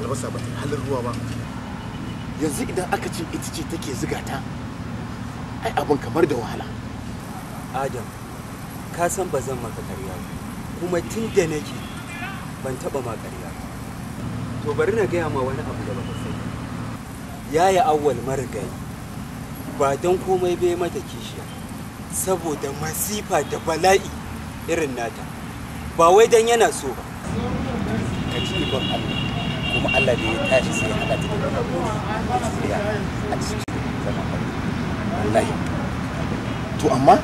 albasa ba ta halin ruwa ba yanzu idan aka ce ita ce take ziga ta ai abin kamar da wahala adam ka san ba zan maka karya kuma tun da nake ban taba ma karya to bari na gaya ma wani abu da ba. sani yaya awwal marigayi ba don komai bai mata kishiya saboda masifa da bala'i irin nata ba wai don yana so ba ka ci ban Allah kuma Allah da ya tashi sai ya hada ta da hakuri a cikin zaman wallahi to amma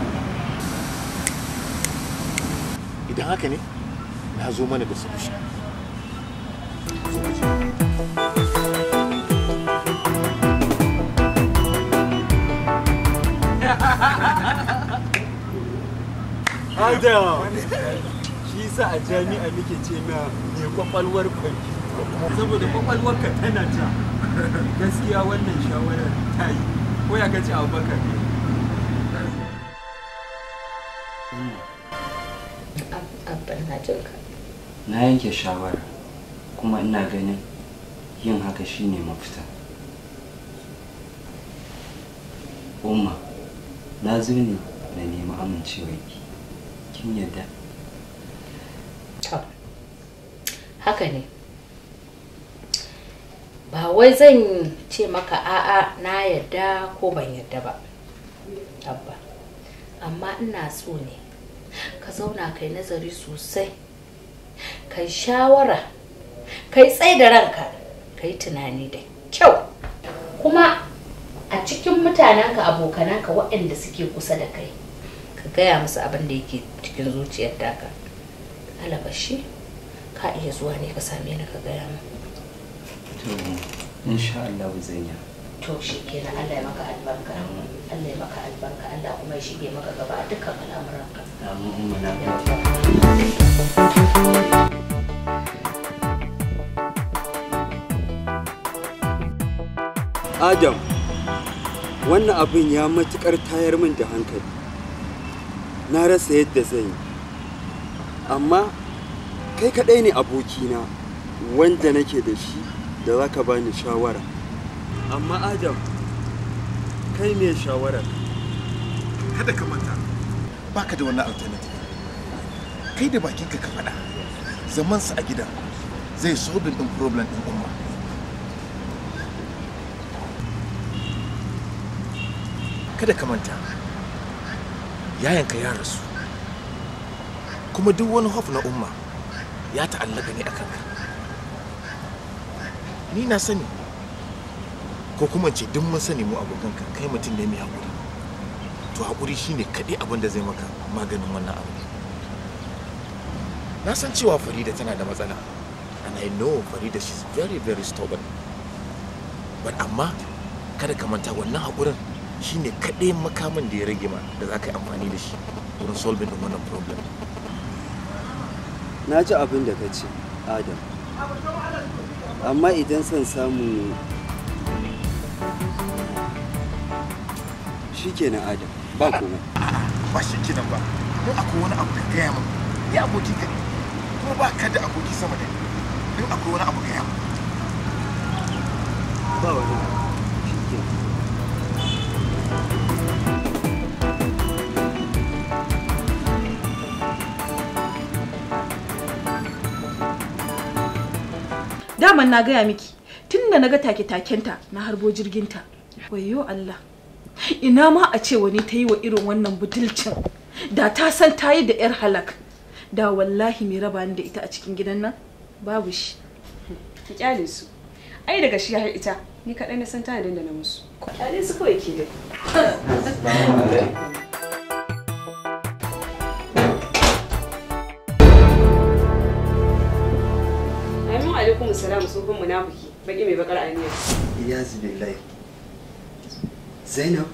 idan haka ne na zo mana da solution Adam, shi sa a jami'a muke ce na mai kwakwalwar kwanki. saboda kwakwalwarka tana ta gaskiya wannan shawarar ta yi ko ya gaci abubakar ne na yanke shawara kuma ina ganin yin haka shine mafita umma na zo ne na nemi ki, kin yadda haka ne ba wai zan ce maka a'a na yadda ko ban yadda ba abba amma ina so ne ka zauna kai nazari sosai kai shawara kai tsai da ranka kai tunani da kyau kuma a cikin mutanenka abokananka waɗanda suke kusa da kai ka gaya musu abin da yake cikin zuciyar taka alabashi ka iya zuwa ne ka same ni ka gaya mu Hmm. insha Allah zan yi to shi kenan Allah ya maka albarka Allah ya maka albarka Allah kuma ya shige maka gaba dukkan al'amuranka amin Adam wannan abin ya matukar tayar min da hankali na rasa yadda zai amma kai kaɗai ne abokina wanda nake da shi da za ka bani shawara amma adam kai ne shawara kada ka manta baka da wani alternative kai da bakinka ka faɗa zamansa a gida zai sobin ɗin problem ɗin umma kada ka manta yayanka ya rasu kuma duk wani hof na umma ya ta'allaka ne a kanka ni na sani ko kuma ce duk mun sani mu abokan ka kai mutum ne mai hakuri to hakuri shine kadai abin da zai maka maganin wannan abu na san cewa farida tana da matsala and i know farida she's very very stubborn but amma kada ka manta wannan hakurin shine kaɗai makamin da ya rage ma da za ka yi amfani da shi wurin solving din wannan problem na ji abin da ka ce adam amma idan son samu shi kenan adam ba komai ba shi kenan ba ko akwai wani abu da gaya min ni aboki ka ne ko ba ka da aboki sama da ni in akwai wani abu gaya min ba wani daman na gaya miki tunda naga take ta na harbo jirginta wayo Allah ina ma a ce wani ta yi wa irin wannan butulcin da ta san ta yi da yar halak da wallahi mai raba ni da ita a cikin gidan nan babu shi ki kyale su ai daga shi har ita ni kaɗai na san ta da na musu kyale su kawai ke dai salamu sun kun munafiki baki mai bakar aniya iya zubillahi zainab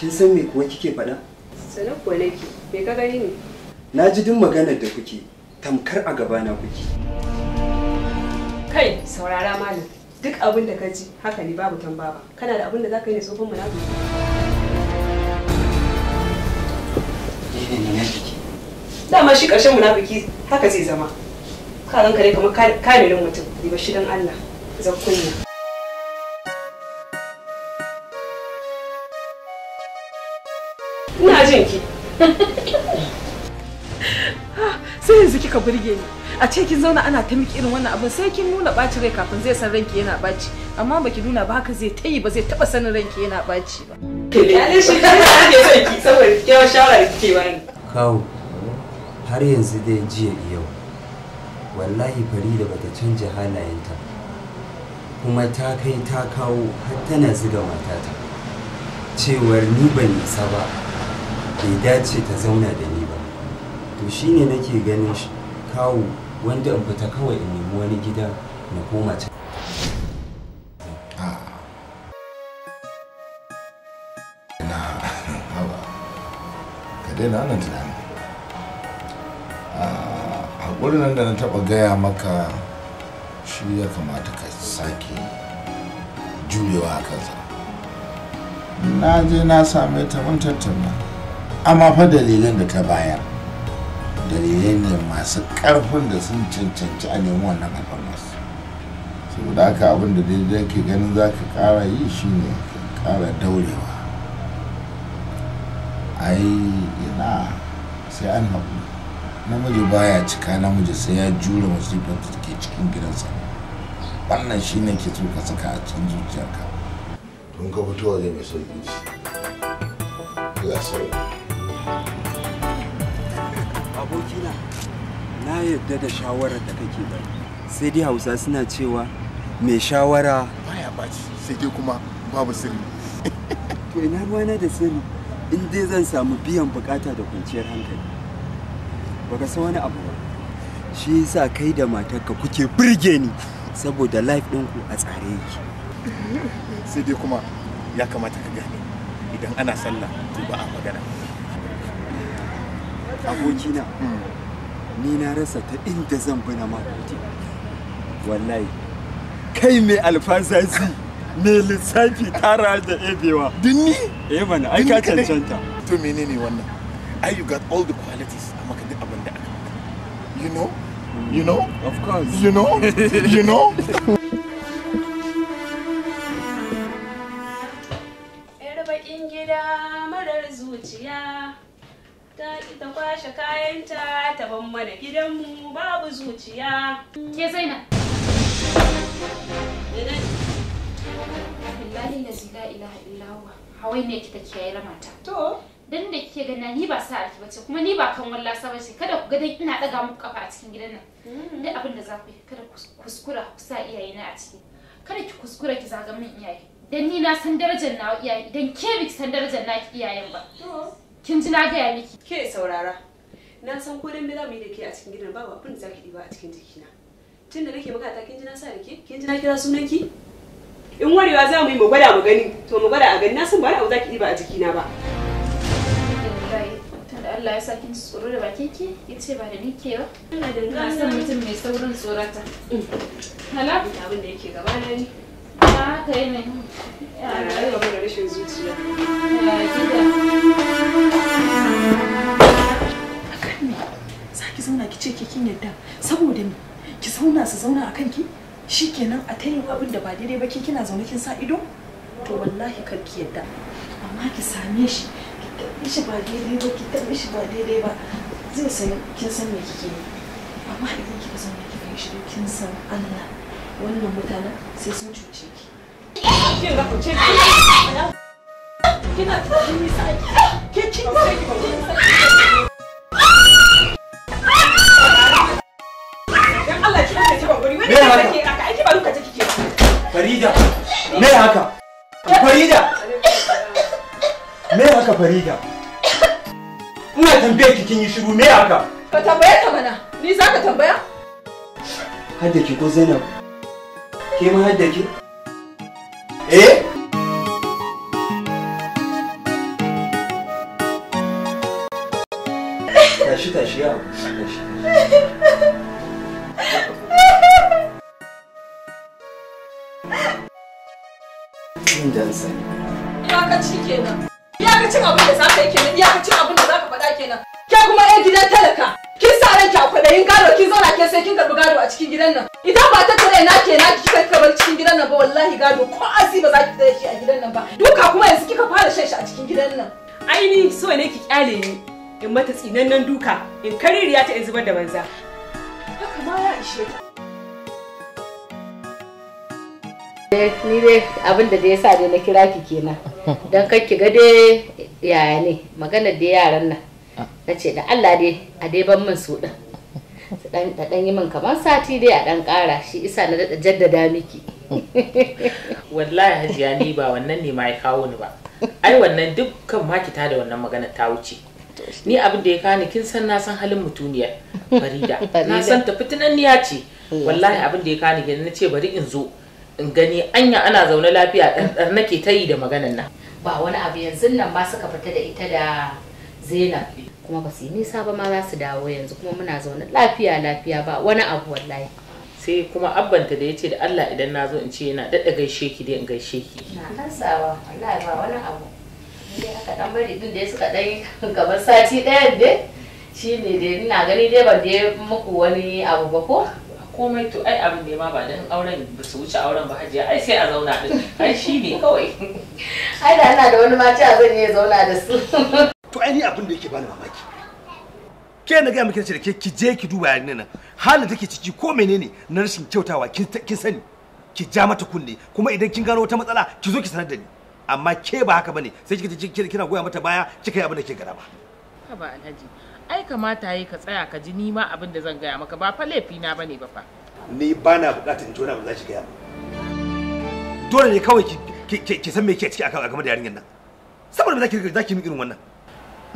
kin san me kuwa kike faɗa sanar kuwa nake me ka gani ne na ji duk maganar da kuke tamkar a gabana kuke kai saurara malam duk abin da ka ji haka ne babu tambaba kana da abin da za ka yi ne tsofin munafiki dama shi ƙarshen munafiki haka zai zama ka ranka dai kamar kamirin mutum riba shi don Allah zan kunya ina jin ki sai yanzu kika burge ni a ce kin zauna ana ta miki irin wannan abin sai kin nuna ɓacin rai kafin zai san ranki yana ɓaci amma baki nuna ba haka zai tayi ba zai taɓa sanin ranki yana ɓaci ba. Kyale shi ta ake son ki saboda kyawar shawara da kike bani. Kawo har yanzu dai jiya yau wallahi farida bata canja halayenta kuma ta kai ta kawo har tana ziga matata cewar ni ban nisa ba bai dace ta zauna da ni ba to shine nake ganin kawo wanda in fita kawai in nemi wani gida na koma can na ka daina nan wurin da na taba gaya maka shi ya kamata ka sake jurewa a kansa na je na same ta mun tattauna amma fa dalilin da ta bayar dalilai ne masu karfin da sun cancanci a nemi wannan alfarmas saboda haka abin da daidai ke ganin za ka kara yi shine ka kara daurewa ai yana sai an haɓu namiji baya cika namiji sai ya jure masifar da ke cikin gidansa wannan shi ne ke so ka saka a cikin zuciyarka tun ka fito waje mai sauƙi ya sai abokina na yadda da shawarar da kake ba, sai dai hausa suna cewa mai shawara baya baci sai dai kuma babu sirri to ina ruwana da sirri in dai zan samu biyan bukata da kwanciyar hankali baka san wani abu ba shi yasa kai da matarka kuke burge ni saboda life ku a tsare yake sai dai kuma ya kamata ka gane idan ana sallah to ba a magana abokina hmm. ni na rasa ta inda zan bi na makoti wallahi kai mai alfasasi mai lissafi tara da ebewa dinni eh mana ai ka cancanta to menene wannan ai you got all the You know? Of course. You know? you know? ta kwashe kayanta ta ban mana gidanmu babu zuciya. Ke zaina. Wallahi na zila ilaha illawa. Hawai ne kita kiyaye lamata. To. dan da kike gani ni ba sa arki bace kuma ni ba kan walla sa bace kada ku ga dan ina daga muku kafa a cikin gidan nan mm. duk abin da za ku yi kada kuskura ku sa iyaye na a ciki kada ki kuskura ki zaga min iyaye dan ni na san darajar na iyaye dan ke bi san darajar na iyayen ba kin ji na gaya miki ke saurara na san ko dan za mu yi da ke a cikin gidan babu abin da za ki diba a cikin jikina tun da nake magana kin ji na sa rike ke kin ji na kira sunan ki in warewa za mu yi mu gwada mu gani to mu gwada a gani na san ba za ki diba a jikina ba da Allah ya sakin tsoro da baki ki ya ce ba da ni ke ba ina da ina son mutum mai saurin tsorata halabu da abin da yake gaba na ni ba haka yanayi a rayuwa da rashin zuciya ya gida akan za ki zauna ki ce kin yadda saboda me ki zauna su zauna a kanki shikenan a ta yin abin da ba daidai ba ki kina zaune kin sa ido to wallahi kar ki yadda amma ki same shi mishi ba daidai ba ki ba daidai ba zai san kin san me kike yi amma idan kika san me yi kin san Allah wannan mutanen sai sun cuce ki kina yi ke kin ki Farida me haka Farida me haka farida ina tambayar ki kin yi shiru me haka ka tambaya ta mana ni za ka tambaya hadda ki ko zainab ke ma hadda ki eh tashi tashi ya Kaka ci kenan. cin abin da zaka yi kenan cin abin da zaka faɗa kenan ke kuma 'yar gidan talaka kin sa ran ki akwai gado kin zauna ke sai kin karɓi gado a cikin gidan nan idan ba tattare na ke na kika kika bar cikin gidan nan ba wallahi gado ko azi ba za ki tare shi a gidan nan ba duka kuma yanzu kika fara shan shi a cikin gidan nan aini so ne ki kyale ni in mata tsinannen duka in kaririya ta in zubar da banza haka ma ya ishe ta Eh, ni dai abin da ya sa dai na kira ki kenan don kar ki ga dai yaya ne magana da yaran nan ah. na ce da Allah dai a dai ban min su din da dan yi min kamar sati dai a dan kara shi isa na da jaddada miki wallahi hajiya ni ba wannan ne ma ya kawo ni ba ai wannan dukkan makita da wannan magana ta wuce ni abin da ya kani kin san na san halin mutuniyar farida na san ta fitinanniya ce wallahi abin da ya kani na ce bari in zo in gani anya ana zaune lafiya ɗanɗar nake ta yi da maganan nan ba wani abu yanzu nan ba suka fita da ita da zainab kuma ba su yi nisa ba ma za su dawo yanzu kuma muna zaune lafiya lafiya ba wani abu wallahi sai kuma abbanta da ya ce da Allah idan na zo in ce yana daɗa gaishe ki dai in gaishe ki. Na kansawa wallahi ba wani abu. Dai aka ɗan bari ɗin da suka ɗan kamar sati ɗaya dai shi ne dai ina gani dai ban dai muku wani abu ba ko. komai to ai abin da ma ba dan auren ba su wuce auren ba hajiya ai sai a zauna din ai shi ne kawai ai da ana da wani mace a zan iya zauna da su to ai ni abin da yake bani mamaki ke na ga miki da ke ki je ki duba yarinya nan hali take ciki ko menene na rashin kyautawa kin sani ki ja mata kunne kuma idan kin gano wata matsala ki zo ki sanar da ni amma ke ba haka bane sai kika kina goya mata baya kika yi abin da ke gaba ba ba alhaji ai kamata yayi ka tsaya ka ji ni ma abin da zan gaya maka ba fa laifi na bane ba fa ni ba na bukatar in tona ba abu za ki gaya dole ne kawai ki san me ke ciki a game da yarinyar nan saboda za ki za ki irin wannan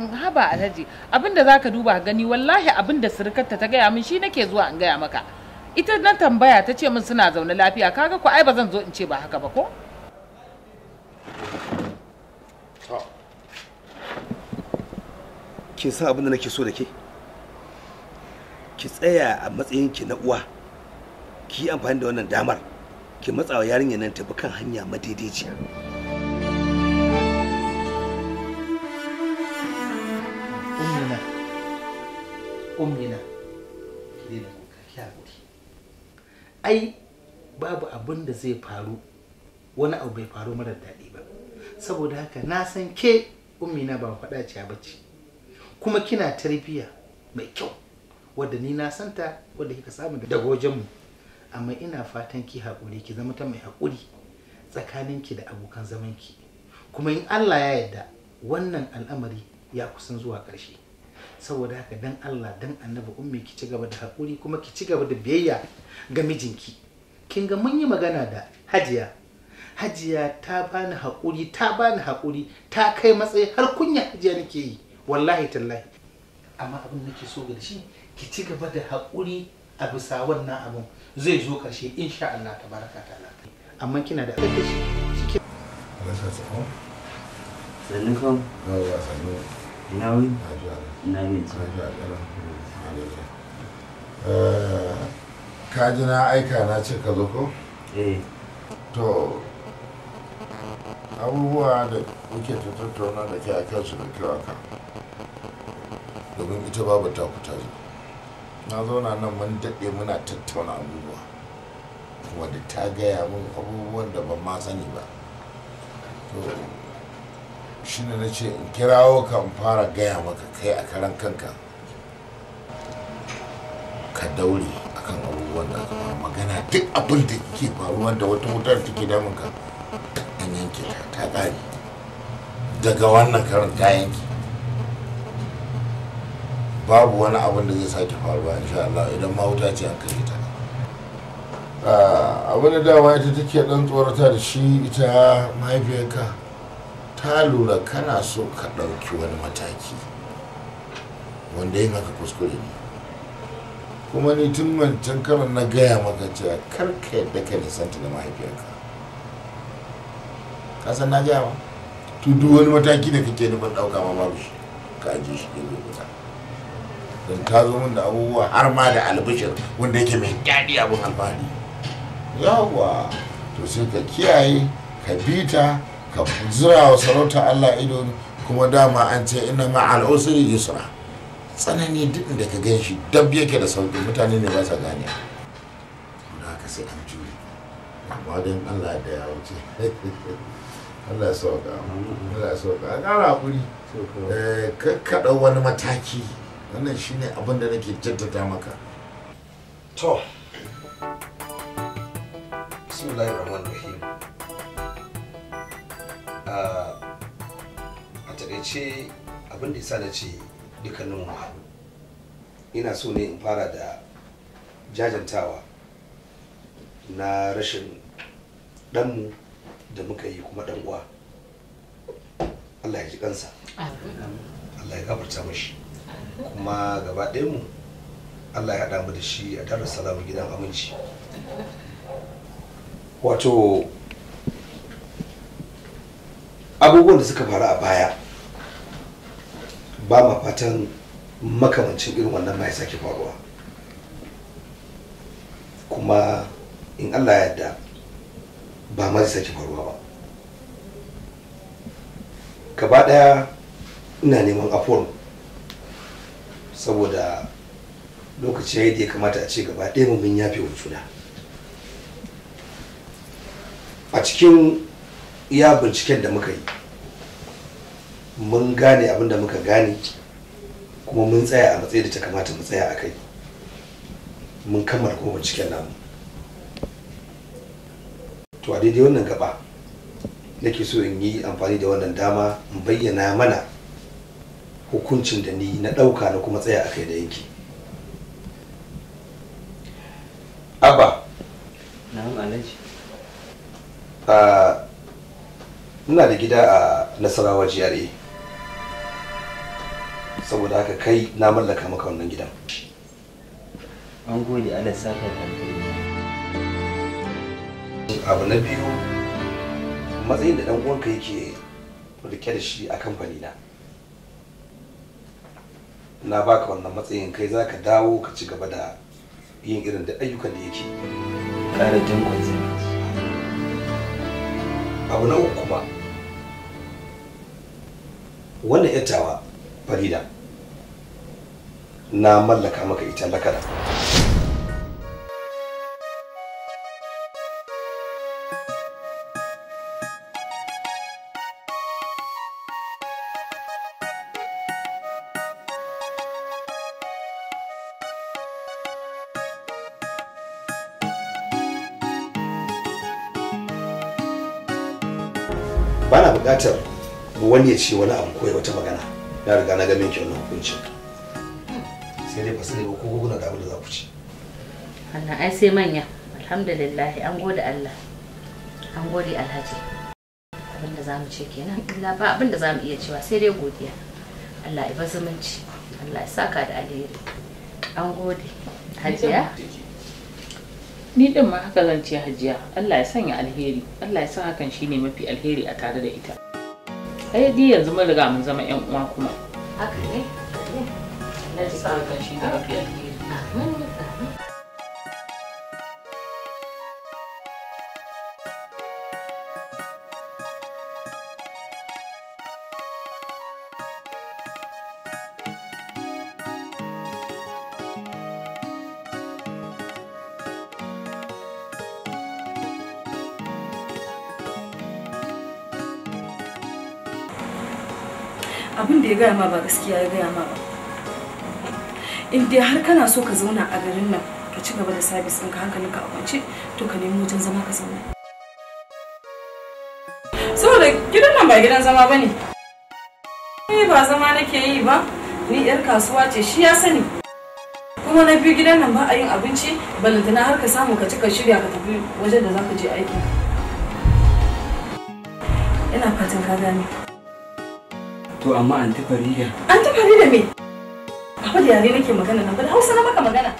mm, haba alhaji abinda za ka duba gani wallahi abinda surukarta ta gaya min shi nake zuwa in gaya maka ita na tambaya ta ce min suna zaune lafiya kaga ko ai ba zan zo in ce ba haka ba ko kin san abin da nake so da ke ki tsaya a matsayin ki na uwa ki yi amfani da wannan damar ki matsawa yarinyar nan tafi kan hanya madaidaiciya ummina ummina ai babu abin da zai faru wani abu bai faru marar daɗi ba saboda haka na san ke ummina ba faɗa ciya bacci kuma kina tarbiyya mai kyau wadda ni na santa wadda kika samu daga wajenmu amma ina fatan ki haƙuri ki zama ta mai haƙuri ki da abokan zaman ki. kuma in Allah ya yarda wannan al'amari ya kusan zuwa ƙarshe saboda haka dan Allah dan annabi ummi ki ci gaba da haƙuri kuma ki ci gaba da biyayya ga mijinki kin ga mun yi magana da hajiya hajiya ta bani haƙuri ta bani haƙuri ta kai matsayi har kunya hajiya nake yi wallahi tallahi amma abin da ke so ga shi ki ci gaba da haƙuri a bisa wannan abin zai zo ƙarshe insha Allah ta baraka ta amma kina da abin da shi sannu kan ina wani ina yin eh, ka ji na aika na ce ka zo ko? eh to abubuwa da muke ta tattauna da ke a kansu da kyau aka domin ita babu ta fita na zauna nan mun daɗe muna tattauna abubuwa kuma ta gaya min abubuwan da ban ma sani ba to shi ne na ce in kirawo kan fara gaya maka kai a karan kanka ka daure akan abubuwan da magana duk abin da ke faruwa da wata wutar take damunka yanke ta bari daga wannan karin ta yanke babu wani abin da zai sake faruwa insha Allah idan ma wuta ce an kashe ta ah, abin da dama ita take dan tsorata da shi ita mahaifiyarka ta lura kana so ka ɗauki wani mataki wanda yin ka kuskure ne kuma ni tun mancan karan na gaya maka cewa karka yadda ka nisanta da mahaifiyarka Kasan na jawa to duk wani mataki da kake nufin ɗauka ma babu shi ka ajiye shi gefe guda Dan ta zo min da abubuwa har ma da albishir wanda yake mai daɗi abin alfahari yawwa to sai ka kiyaye ka bita ka zura wa sarauta allah ido kuma dama an ce ina ma al'usri yusra tsanani duk da ka gan shi dab yake da sauƙi mutane ne ba sa gane ka sai an jure ba don allah da ya wuce Allah ya sauka Allah ya sauka a ƙara hakuri eh, kakkaɗa wani mataki wannan shine abin da nake jaddada maka to bismillahir rahmanir rahim ah, a taƙaice abin da yasa na ce dukkanin mu ina so ne in fara da jajantawa na rashin ɗanmu da muka yi kuma dan uwa Allah ya ji kansa Allah ya gafarta mashi kuma gaba mu Allah ya haɗa mu da shi a darar salamu gidan aminci wato abubuwan da suka faru a baya ba ma fatan makamancin irin wannan ma ya sake faruwa kuma in Allah ya yarda ba ma zai sake faruwa ba gaba daya ina neman afon saboda lokaci ya da ya kamata a ce gaba ɗaya mun yafe wa juna a cikin iya binciken da muka yi mun gane abin da muka gane kuma mun tsaya a matsayi da ta kamata mu tsaya a kai mun kammala kuma binciken namu to a daidai wannan gaba nake so in yi amfani da wannan dama in bayyana mana hukuncin da ni na ɗauka na kuma tsaya a kai da yanki abba ina da gida a nasarawa GRA saboda haka kai na mallaka maka wannan gidan an gode da abu na biyu matsayin da dan uwanka yake rike da shi a kamfani na na baka wannan matsayin kai za ka dawo ka ci gaba da yin irin da ayyukan da yake ƙarancin kwanci abu na uku kuma wannan yattawa farida na mallaka maka ita lakara ba na buƙatar wani ya ce wani abu ko wata magana na riga na gamin kyau wannan hukuncin sai dai fasiri ba ko guguna da abu da za ku ci wannan ai sai manya alhamdulillah an gode Allah an gode Alhaji abinda za mu ce kenan illa ba abinda za mu iya cewa sai dai godiya Allah ya zumunci Allah ya saka da alheri an gode hajiya ni ɗin ma haka zan ce hajiya Allah ya sanya alheri Allah ya san hakan shine mafi alheri a tare da ita ai di yanzu mun riga mun zama ƴan uwa kuma haka ne na ji sa hakan shine mafi alheri abin da ya gaya ma ba gaskiya ya gaya ma ba in dai har kana so ka zauna a garin nan ka ci gaba da sabis ɗinka hankalinka a kwance to ka nemi wajen zama ka zauna saboda gidan nan ba gidan zama ba ne ni ba zama nake yi ba ni yar kasuwa ce shi ya sani kuma na biyu gidan nan ba a yin abinci balantana har ka samu ka ci ka shirya ka tafi wajen da za ka je aiki ina fatan ka gane To amma Anti Farida. Anti Farida me? Baba da yare nake magana nan ba da Hausa na maka magana.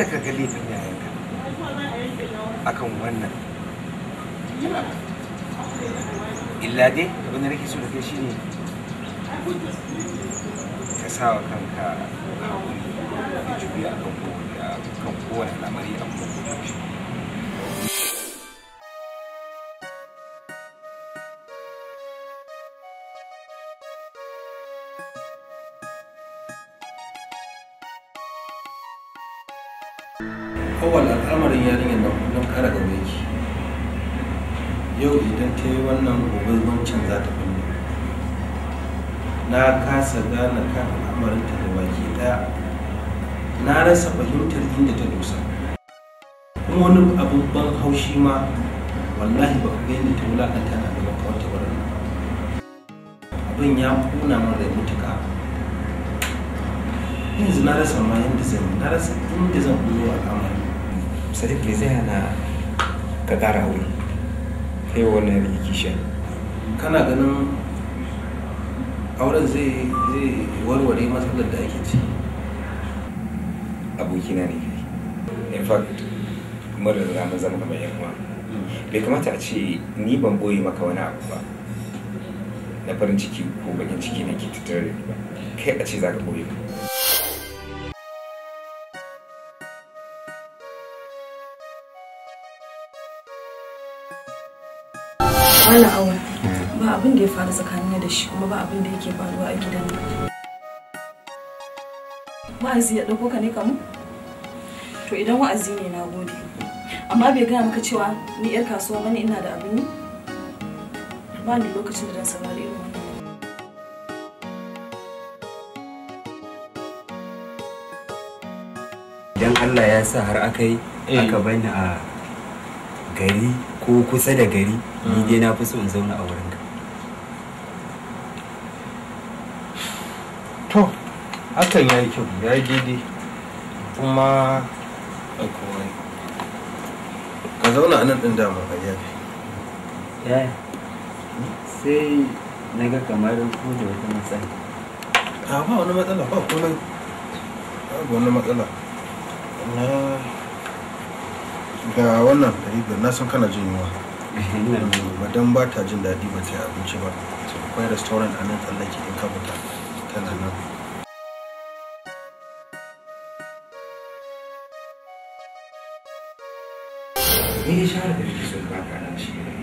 kada ka ga laifin yayanka akan wannan illa dai abin da nake so da shi ne, ka sa wa kanka hakuri da juriya kan kowane lamari a kuma kasa gane kan ta da baki daya na rasa fahimtar inda ta dosa kuma wani abubban haushi ma wallahi ba ku gani ta wulakanta a gaban kawata wurin abin ya kuna min da mutuka yanzu na rasa ma yanda zan na rasa inda zan a al'amari sadiq me zai hana ka kara wuri kai wannan rikici kana ganin auren zai warware matsalar da ake ci abokina ne in fact mara da zama zama kamar yan bai kamata a ce ni ban boye maka wani abu ba na farin ciki ko bakin ciki ne ke tutar da ba kai a ce za ka boye ba kuma abin da ya faru tsakanin da shi kuma ba abin da yake faruwa a gidan nan wa'azi ya ɗauko ka ne kamu to idan wa'azi ne na gode amma bai gaya maka cewa ni yar kasuwa ne ina da abin yi ba ni lokacin da zan saurari irin wannan idan Allah ya sa har aka yi eh. aka bani a gari ko kusa da gari ni dai na fi so in zauna a wurinka hakan ya yi kyau ya yi daidai kuma a kowai ka zauna a nan ɗin damar a yi yaya sai na ga kamar ko da wata matsala a ba wani matsala ba komai ba wani matsala na ga wannan ribar na san kana jin yunwa madan ba ta jin daɗi ba ta abinci ba akwai restaurant a nan tsallake in ka tana nan Sai ya share da nake son baka nan shi ne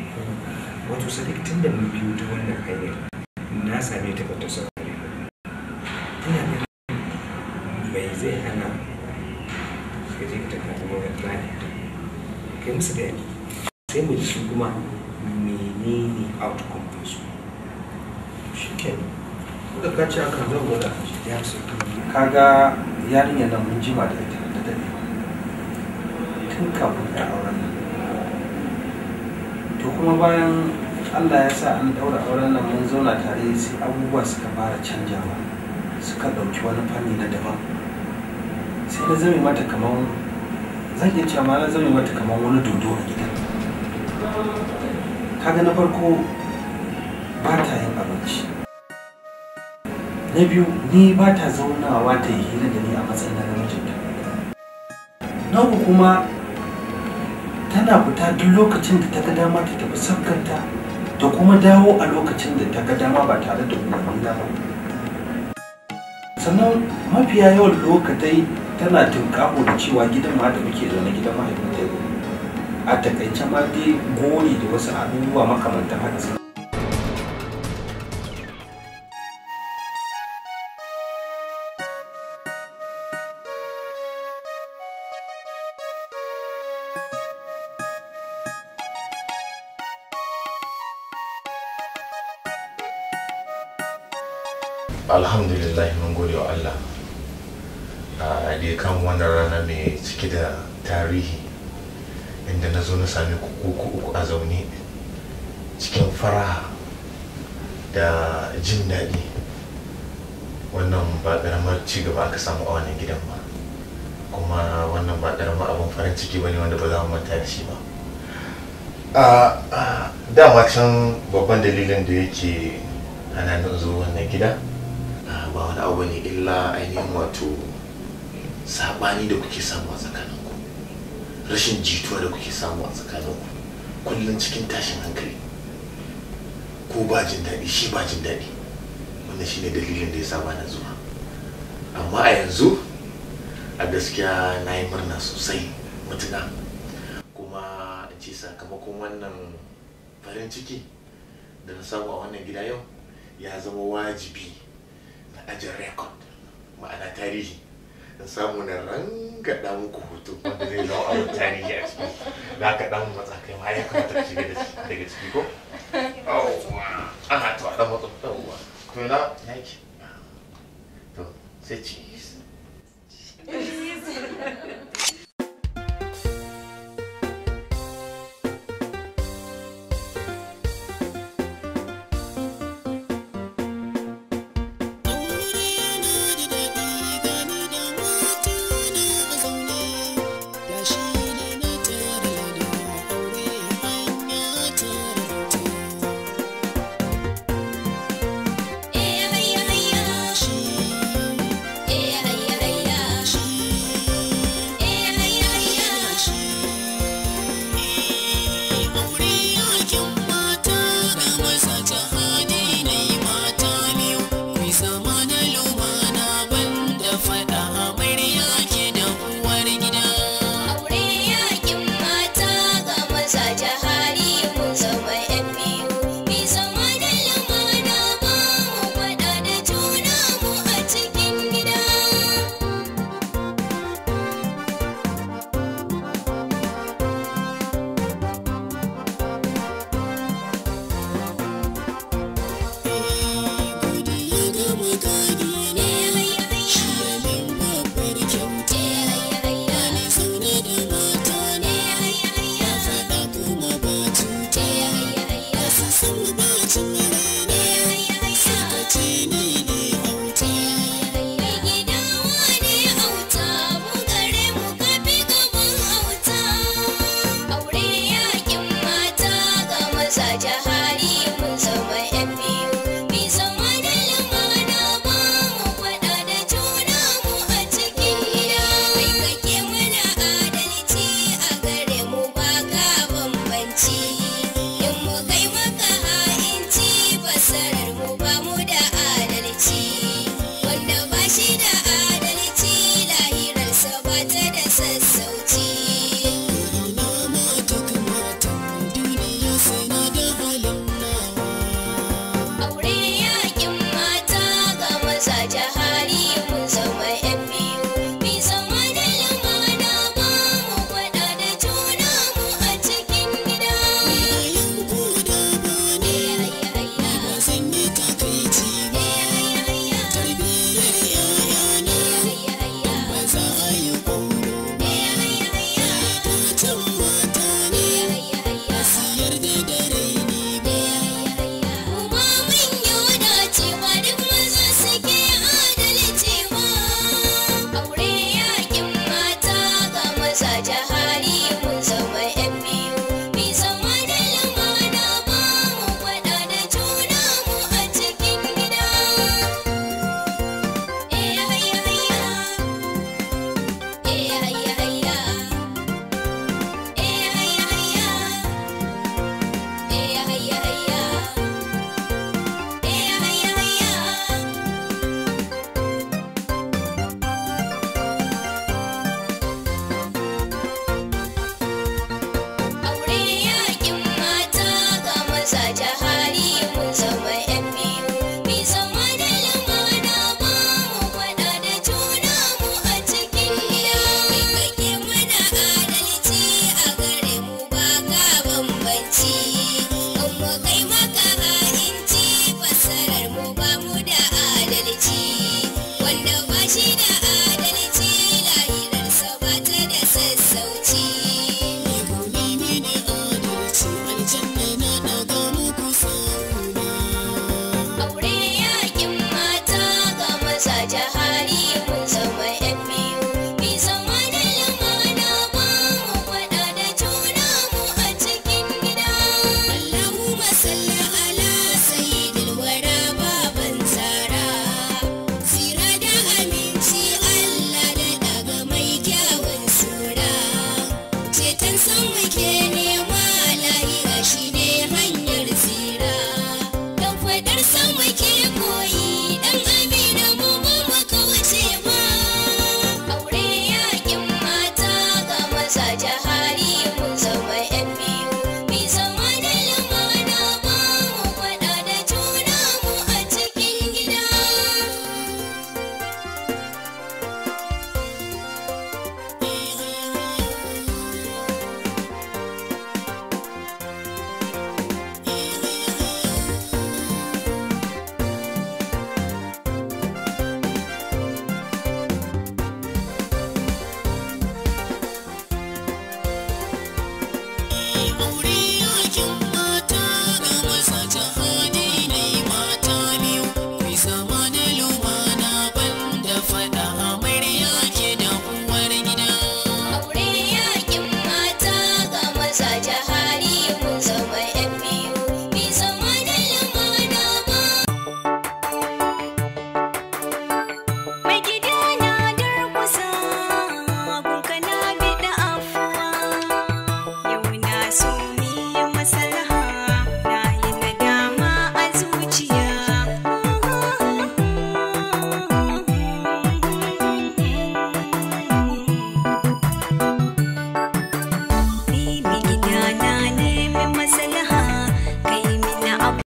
wato sadiq tun da mun biyo ta wannan hanyar na same ta bata saurare ina ganin mai zai hana ka je ka tafi kuma ga tsari kai musu da yaki sai mu ji su kuma menene outcome din su shi kenan kuka kace akan zan gwada ya su kaga yarinya nan mun jima da ita da dade tun kafin ta aure to kuma bayan allah ya sa an daura auren nan mun zauna tare sai abubuwa suka fara canjawa suka ɗauki wani fanni na daban sai na zame mata kamar zan iya cewa na mata kamar wani dodo a gidan kaga na farko ba ta yin abinci na biyu ni ba ta zaunawa ta yi hira da ni a matsayin na mijinta na uku kuma tana fita duk lokacin da ta ga dama ta tafi sabganta ta kuma dawo a lokacin da ta ga dama ba tare da umarni ba. sannan mafiya yawan lokatai tana tunƙaho da cewa gidan ma da muke zaune gidan mahaifinta a takaice ma dai gori da wasu abubuwa makamantan haka sun alhamdulillah mun gode wa allah a dai kan wannan rana mai cike da tarihi inda na zo na sami kuku uku a zaune cikin fara da jin daɗi wannan ba ƙaramar gaba aka samu a wannan gidan ba kuma wannan ba ƙaramar abin farin ciki ba ne wanda ba za mu manta da shi ba a dama can babban dalilin da yake ana nan zo wannan gida ba wani abu ne illa ainihin wato saɓani da kuke samu a tsakaninku rashin jituwa da kuke samu a tsakaninku kullum cikin tashin hankali ko ba jin daɗi shi ba jin daɗi wannan shine dalilin da ya sa na zuwa amma a yanzu a gaskiya na yi murna sosai mutuna kuma in ce sakamakon wannan farin ciki da na samu a wannan gida yau ya zama wajibi ajin rekod ma'ana tarihi in samu na da muku hoto wanda zai zama abin tarihi a ciki da aka dan matsa kai ma ya kuma ka shiga daga ciki ko yawwa aha to a dan matsa uwa kuma na yaki to sai cheese cheese Yeah.